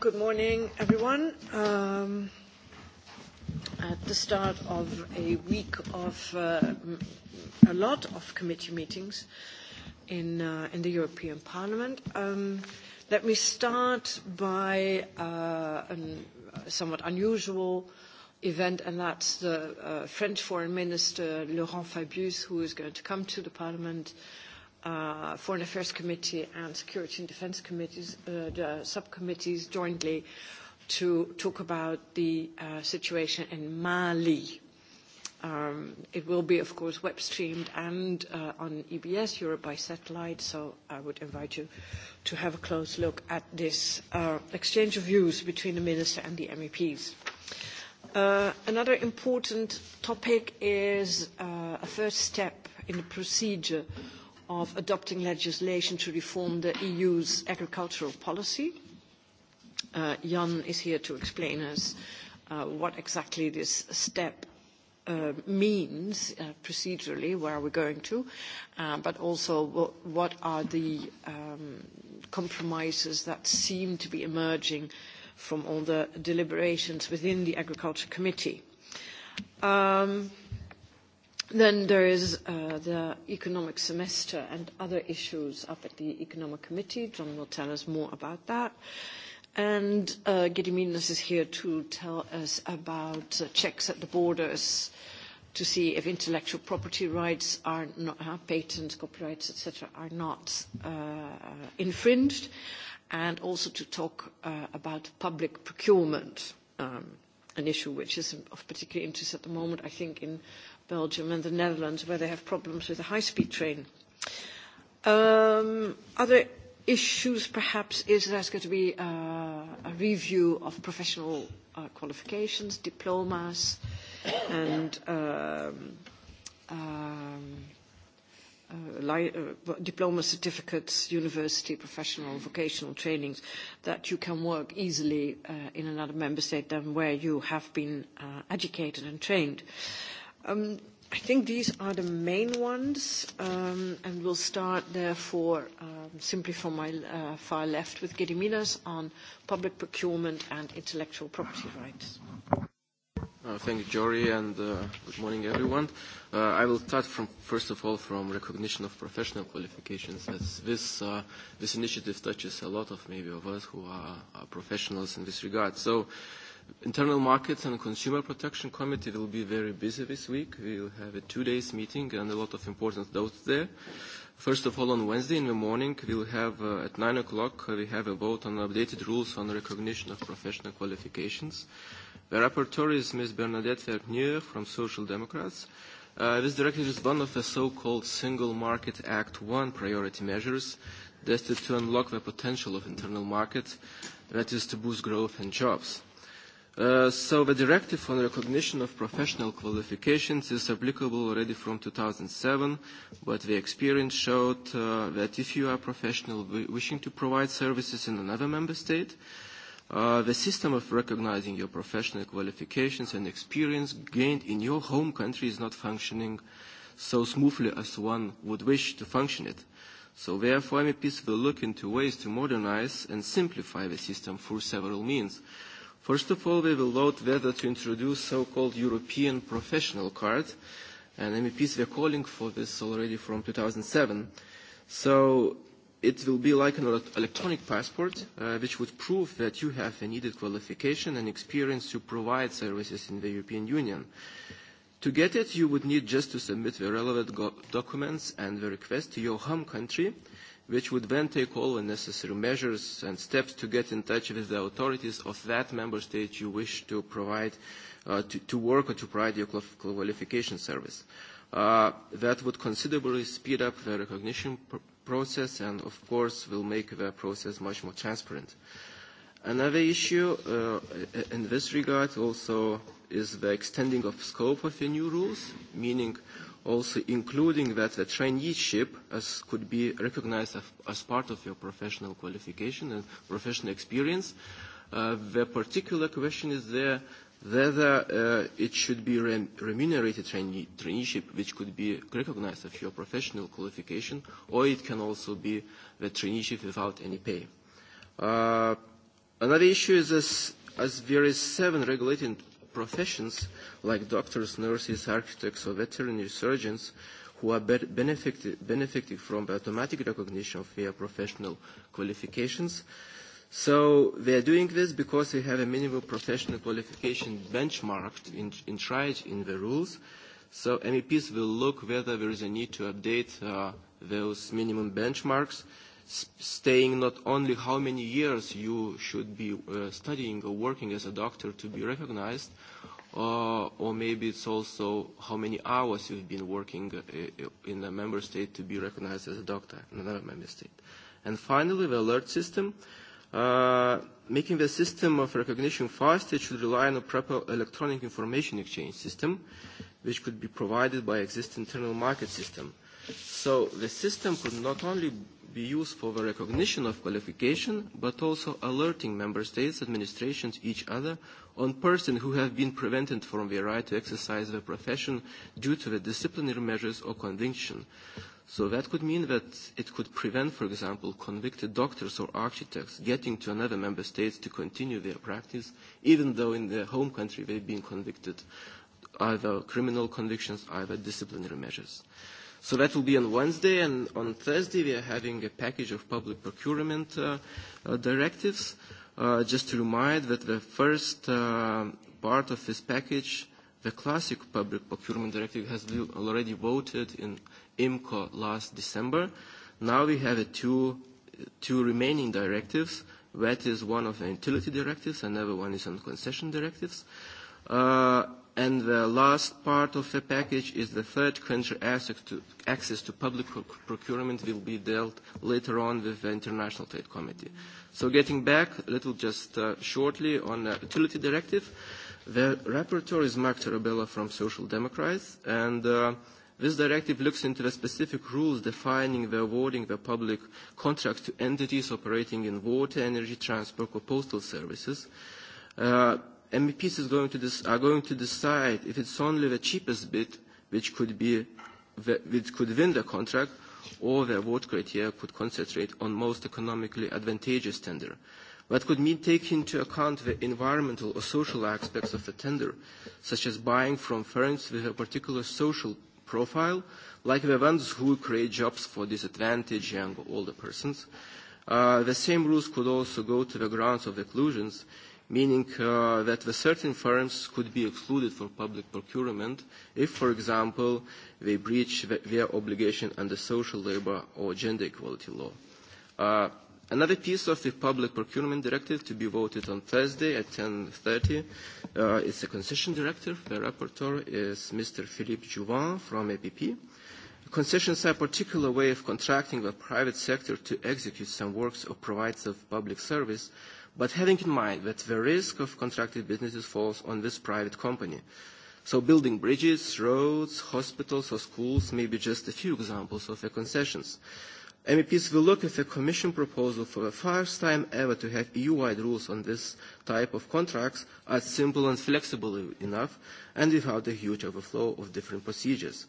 Good morning, everyone. At the start of a week of a lot of committee meetings in the European Parliament, let me start by a somewhat unusual event, and that's the French Foreign Minister Laurent Fabius, who is going to come to the Parliament Foreign Affairs Committee and Security and Defence Committees, the subcommittees jointly, to talk about the situation in Mali. It will be, of course, web streamed and on EBS Europe by satellite, so I would invite you to have a close look at this exchange of views between the Minister and the MEPs. Another important topic is a first step in the procedure of adopting legislation to reform the EU's agricultural policy. Jan is here to explain us what exactly this step means procedurally, where are we going to, but also what are the compromises that seem to be emerging from all the deliberations within the Agriculture Committee. Um Then there is the economic semester and other issues up at the Economic Committee. John will tell us more about that. And Gediminas is here to tell us about checks at the borders to see if intellectual property rights are not, patents, copyrights, etc., are not infringed, and also to talk about public procurement an issue which is of particular interest at the moment, I think, in Belgium and the Netherlands, where they have problems with the high-speed train. Other issues, perhaps, is there's going to be a review of professional qualifications, diplomas, and diploma certificates, university, professional, vocational trainings, that you can work easily in another member state than where you have been educated and trained. I think these are the main ones, and we'll start therefore simply from my far left with Gediminas on public procurement and intellectual property rights. Thank you, Jory, and good morning, everyone. I will start from, first of all, from recognition of professional qualifications, as this this initiative touches a lot of maybe of us who are professionals in this regard. So, Internal Markets and Consumer Protection Committee will be very busy this week. We will have a two-days meeting and a lot of important notes there. First of all, on Wednesday in the morning, we will have at 9 o'clock, we have a vote on updated rules on recognition of professional qualifications. The rapporteur is Ms. Bernadette Vernier from Social Democrats. This directive is one of the so-called Single Market Act I priority measures destined to unlock the potential of internal market, that is to boost growth and jobs. So the directive on recognition of professional qualifications is applicable already from 2007, but the experience showed that if you are a professional wishing to provide services in another member state, The system of recognizing your professional qualifications and experience gained in your home country is not functioning so smoothly as one would wish to function it. So therefore, MEPs will look into ways to modernize and simplify the system for several means. First of all, we will vote whether to introduce so-called European professional card, and MEPs were calling for this already from 2007. So It will be like an electronic passport, which would prove that you have a needed qualification and experience to provide services in the European Union. To get it, you would need just to submit the relevant documents and the request to your home country, which would then take all the necessary measures and steps to get in touch with the authorities of that member state you wish to provide to work or to provide your qualification service that would considerably speed up the recognition process and, of course, will make the process much more transparent. Another issue in this regard also is the extending of scope of the new rules, meaning also including that the traineeship as could be recognized as part of your professional qualification and professional experience. The particular question is there whether it should be remunerated traineeship, which could be recognized as your professional qualification, or it can also be the traineeship without any pay. Another issue is as there is seven regulating professions like doctors, nurses, architects, or veterinary surgeons who are benefiting from the automatic recognition of their professional qualifications, So they are doing this because they have a minimum professional qualification benchmarked, in, in the rules. So MEPs will look whether there is a need to update those minimum benchmarks, staying not only how many years you should be studying or working as a doctor to be recognized, or maybe it's also how many hours you've been working in a member state to be recognized as a doctor in another member state. And finally, the alert system Making the system of recognition faster should rely on a proper electronic information exchange system, which could be provided by existing internal market system. So the system could not only be used for the recognition of qualification, but also alerting member states, administrations, each other, on persons who have been prevented from their right to exercise their profession due to the disciplinary measures or conviction. So that could mean that it could prevent, for example, convicted doctors or architects getting to another member state to continue their practice, even though in their home country they've been convicted either criminal convictions, either disciplinary measures. So that will be on Wednesday, and on Thursday we are having a package of public procurement directives. Just to remind that the first part of this package The classic public procurement directive has already voted in IMCO last December. Now we have two remaining directives. That is one of the utility directives, another one is on concession directives. And the last part of the package is the third country access to public procurement will be dealt later on with the International Trade Committee. So getting back a little just shortly on the utility directive. The rapporteur is Mark Tarabella from Social Democrats, and this directive looks into the specific rules defining the awarding the public contract to entities operating in water, energy, transport, or postal services. MEPs are going to decide if it's only the cheapest bid which could be which could win the contract, or the award criteria could concentrate on most economically advantageous tender. That could mean taking into account the environmental or social aspects of the tender, such as buying from firms with a particular social profile, like the ones who create jobs for disadvantaged young or older persons. The same rules could also go to the grounds of exclusions, meaning that certain firms could be excluded from public procurement if, for example, they breach their obligation under social labor or gender equality law. Another piece of the Public Procurement Directive to be voted on Thursday at 10.30 is the concession directive. The rapporteur is Mr. Philippe Jouvin from APP. Concessions are a particular way of contracting the private sector to execute some works or provide of public service, but having in mind that the risk of contracted businesses falls on this private company. So building bridges, roads, hospitals or schools may be just a few examples of the concessions. MEPs will look at the Commission proposal for the first time ever to have EU-wide rules on this type of contracts as simple and flexible enough and without a huge overflow of different procedures.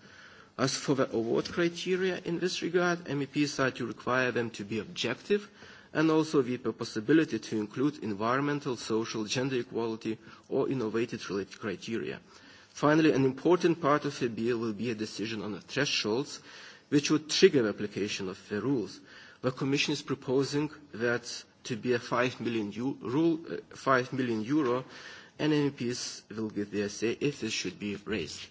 As for the award criteria in this regard, MEPs are to require them to be objective and also the possibility to include environmental, social, gender equality or innovative-related criteria. Finally, an important part of the bill will be a decision on the thresholds which would trigger the application of the rules. The Commission is proposing that to be a 5 million rule, 5 million euro, and MEPs will give their say if this should be raised.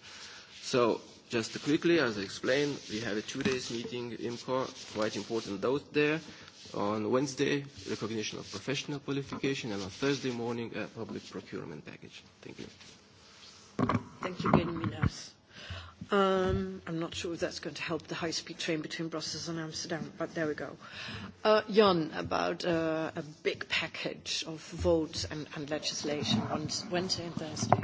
So, just quickly, as I explained, we have a two days meeting, in IMCO, quite important those there. On Wednesday, recognition of professional qualification, and on Thursday morning, a public procurement package. Thank you. not sure that's going to help the high-speed train between Brussels and Amsterdam, but there we go. Jan, about a big package of votes and legislation on Wednesday and Thursday.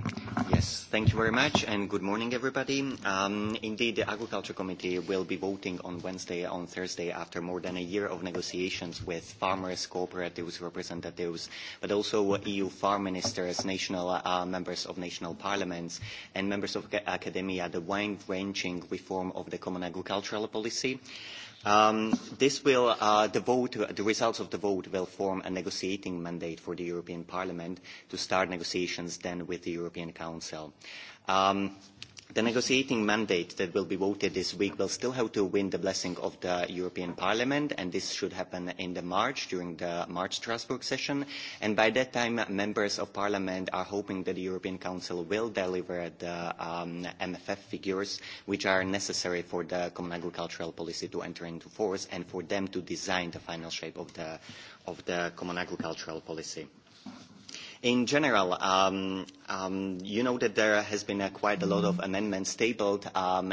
Yes, thank you very much, and good morning, everybody. Indeed, the Agriculture Committee will be voting on Wednesday, on Thursday, after more than a year of negotiations with farmers, cooperatives, representatives, but also EU farm ministers, national members of national parliaments, and members of academia, the wide-ranging reform of the common agricultural policy. This will, the results of the vote will form a negotiating mandate for the European Parliament to start negotiations then with the European Council. The negotiating mandate that will be voted this week will still have to win the blessing of the European Parliament, and this should happen in March, during the March Strasbourg session. And by that time, members of Parliament are hoping that the European Council will deliver the MFF figures, which are necessary for the Common Agricultural Policy to enter into force, and for them to design the final shape of the Common Agricultural Policy. In general, you know that there has been quite a lot of amendments tabled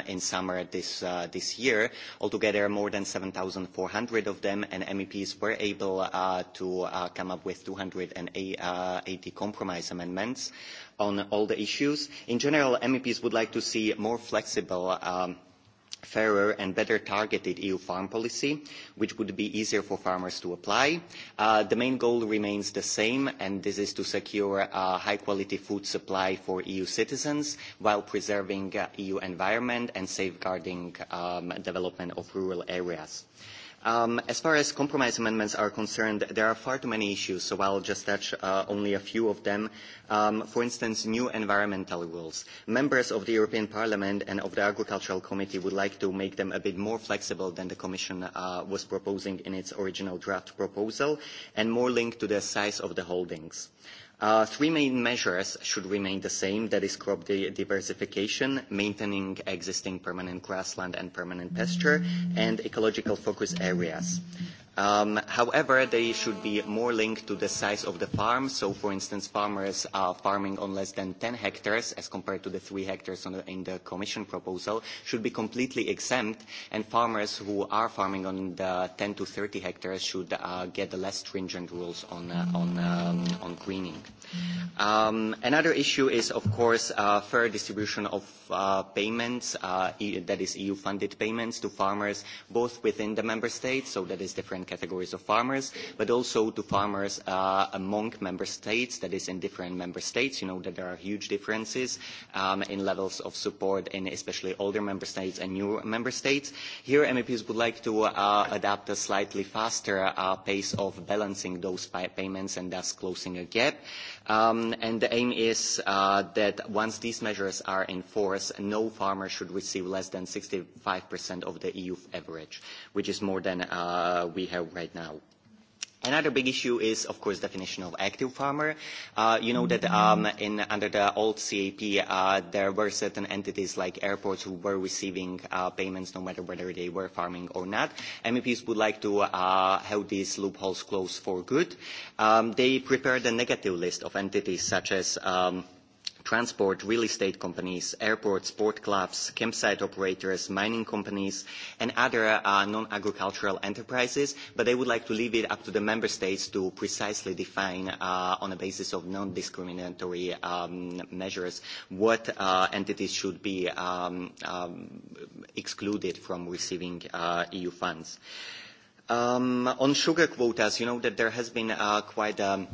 in summer this year. Altogether, more than 7,400 of them, and MEPs were able to come up with 280 compromise amendments on all the issues. In general, MEPs would like to see more flexible fairer and better targeted EU farm policy, which would be easier for farmers to apply. The main goal remains the same, and this is to secure a high-quality food supply for EU citizens while preserving EU environment and safeguarding development of rural areas. As far as compromise amendments are concerned, there are far too many issues, so I'll just touch only a few of them. For instance, new environmental rules. Members of the European Parliament and of the Agricultural Committee would like to make them a bit more flexible than the Commission was proposing in its original draft proposal and more linked to the size of the holdings. Three main measures should remain the same, that is crop diversification, maintaining existing permanent grassland and permanent pasture, and ecological focus areas. However, they should be more linked to the size of the farm. So, for instance, farmers are farming on less than 10 hectares, as compared to the 3 hectares in the Commission proposal, should be completely exempt, and farmers who are farming on the 10 to 30 hectares should get the less stringent rules on greening. Another issue is, of course, fair distribution of payments, that is EU-funded payments, to farmers both within the member states, so that is different categories of farmers, but also to farmers among member states, that is in different member states. You know that there are huge differences in levels of support in especially older member states and new member states. Here MEPs would like to adapt a slightly faster pace of balancing those payments and thus closing a gap and the aim is that once these measures are in force, no farmer should receive less than 65% of the EU average, which is more than we have right now. Another big issue is, of course, definition of active farmer. You know that under the old CAP there were certain entities like airports who were receiving payments no matter whether they were farming or not. MEPs would like to have these loopholes closed for good. They prepared a negative list of entities such as transport, real estate companies, airports, sport clubs, campsite operators, mining companies, and other non-agricultural enterprises, but they would like to leave it up to the member states to precisely define on a basis of non-discriminatory measures what entities should be excluded from receiving EU funds. On sugar quotas, you know that there has been quite a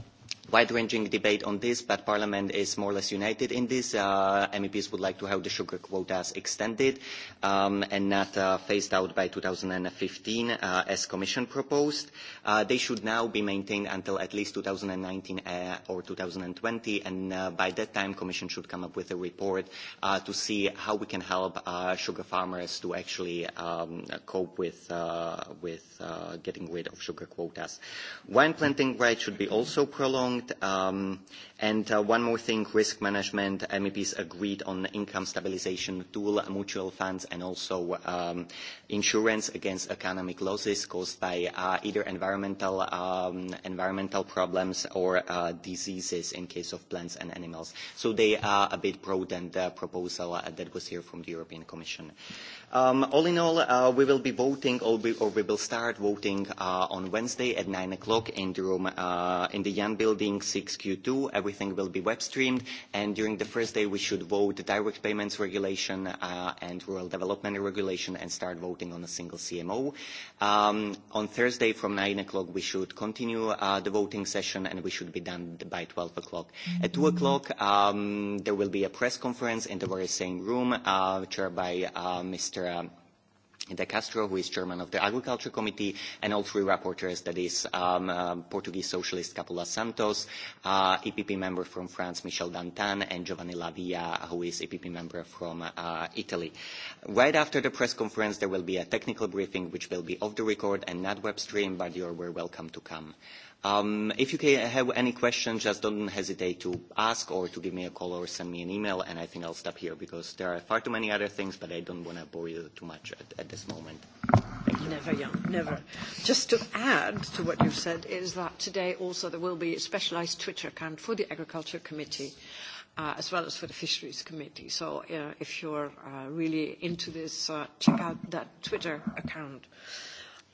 wide-ranging debate on this, but Parliament is more or less united in this. MEPs would like to have the sugar quotas extended and not phased out by 2015 as Commission proposed. They should now be maintained until at least 2019 or 2020, and by that time Commission should come up with a report to see how we can help sugar farmers to actually cope with getting rid of sugar quotas. Wine planting rights should be also prolonged And one more thing, risk management, MEPs agreed on income stabilization tool, mutual funds, and also insurance against economic losses caused by either environmental problems or diseases in case of plants and animals. So they are a bit broadened the proposal that was here from the European Commission. All in all, we will be voting, or we will start voting on Wednesday at 9 o'clock in the room in the building 6Q2. Everything will be web streamed. And during the first day, we should vote the direct payments regulation and rural development regulation and start voting on a single CMO. On Thursday from nine o'clock, we should continue the voting session and we should be done by 12 o'clock. At two o'clock, there will be a press conference in the very same room chaired by Mr. De Castro, who is chairman of the Agriculture Committee, and all three rapporteurs, that is Portuguese socialist Capula Santos, EPP member from France Michel Dantan, and Giovanni Lavia, who is EPP member from Italy. Right after the press conference, there will be a technical briefing, which will be off the record and not web stream, but you are welcome to come. If you have any questions, just don't hesitate to ask or to give me a call or send me an email, and I think I'll stop here because there are far too many other things, but I don't want to bore you too much at this moment. Never, young, never. Just to add to what you've said is that today also there will be a specialized Twitter account for the Agriculture Committee as well as for the Fisheries Committee. So if you're really into this, check out that Twitter account.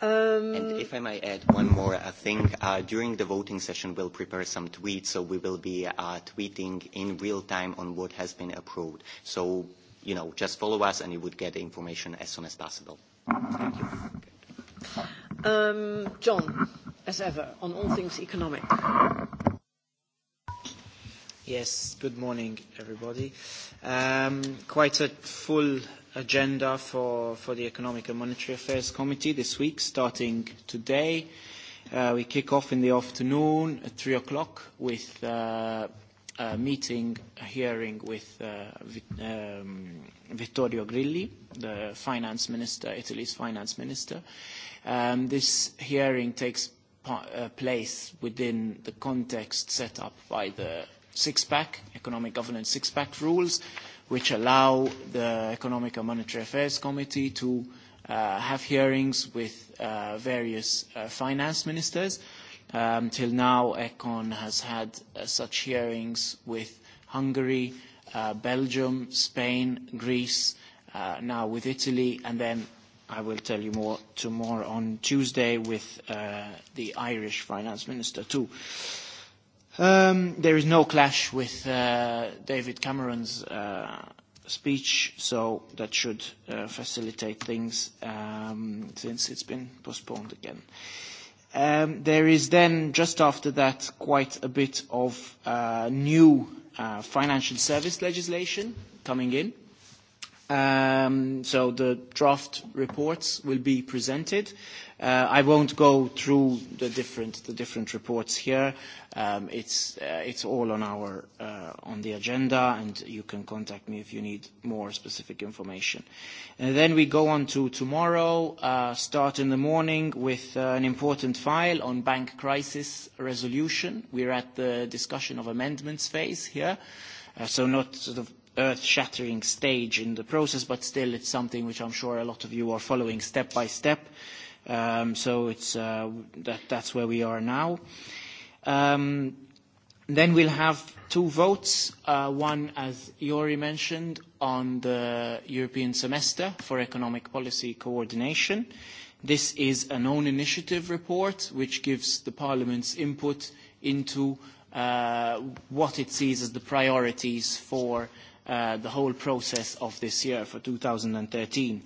And if I might add one more thing, during the voting session we'll prepare some tweets, so we will be tweeting in real time on what has been approved. So, you know, just follow us and you would get information as soon as possible. John, as ever, on all things economic. Yes, good morning, everybody. Quite a full agenda for the Economic and Monetary Affairs Committee this week, starting today. We kick off in the afternoon at 3 o'clock with a meeting, a hearing with Vittorio Grilli, the finance minister, Italy's finance minister. This hearing takes place within the context set up by the six-pack, economic governance six-pack rules, which allow the Economic and Monetary Affairs Committee to have hearings with various finance ministers. Till now, ECON has had such hearings with Hungary, Belgium, Spain, Greece, now with Italy, and then I will tell you more tomorrow on Tuesday with the Irish finance minister too. There is no clash with David Cameron's speech, so that should facilitate things since it's been postponed again. There is then, just after that, quite a bit of new financial service legislation coming in. So the draft reports will be presented. I won't go through the different reports here. It's all on the agenda, and you can contact me if you need more specific information. Then we go on to tomorrow, start in the morning with an important file on bank crisis resolution. We're at the discussion of amendments phase here, so not sort of earth-shattering stage in the process, but still it's something which I'm sure a lot of you are following step by step. So that's where we are now. Then we'll have two votes, one, as Jori mentioned, on the European Semester for Economic Policy Coordination. This is an own initiative report which gives the Parliament's input into what it sees as the priorities for the whole process of this year for 2013.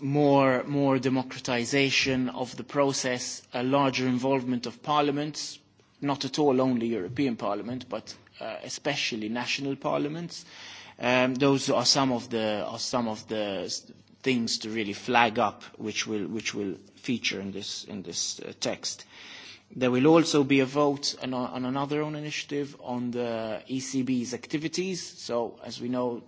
More more democratisation of the process, a larger involvement of parliaments, not at all only European Parliament, but especially national parliaments. Those are some of the are some of the things to really flag up, which will which will feature in this in this text. There will also be a vote on another own initiative on the ECB's activities. So, as we know,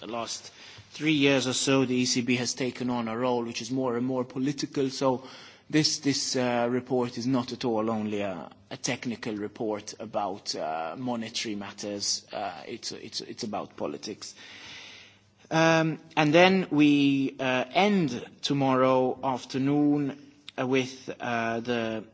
the last three years or so, the ECB has taken on a role which is more and more political. So, this report is not at all only a technical report about monetary matters. It's it's about politics. And then we end tomorrow afternoon with the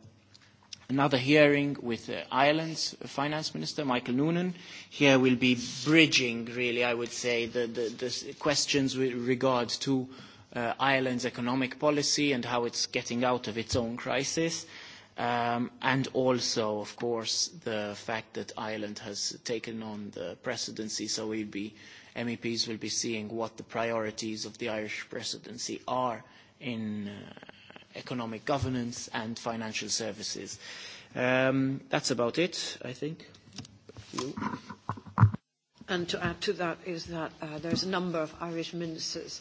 another hearing with Ireland's Finance Minister, Michael Noonan. Here we'll be bridging, really, I would say, the questions with regard to Ireland's economic policy and how it's getting out of its own crisis, and also, of course, the fact that Ireland has taken on the presidency, so we'll be, MEPs will be seeing what the priorities of the Irish presidency are in economic governance and financial services. That's about it, I think. And to add to that is that there's a number of Irish ministers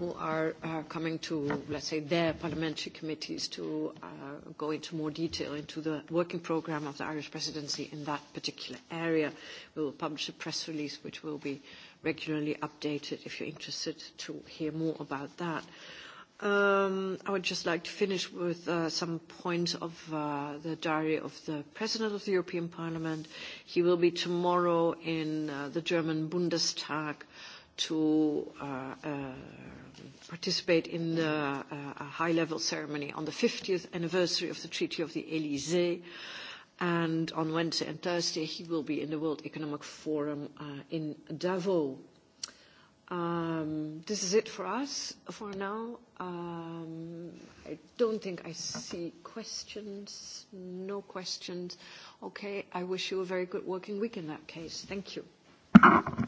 who are coming to, let's say, their parliamentary committees to go into more detail into the working programme of the Irish presidency in that particular area. We will publish a press release which will be regularly updated if you're interested to hear more about that. I would just like to finish with some points of the diary of the President of the European Parliament. He will be tomorrow in the German Bundestag to participate in a high-level ceremony on the 50th anniversary of the Treaty of the Élysée. And on Wednesday and Thursday, he will be in the World Economic Forum in Davos. This is it for us for now. I don't think I see questions. No questions. Okay. I wish you a very good working week in that case. Thank you.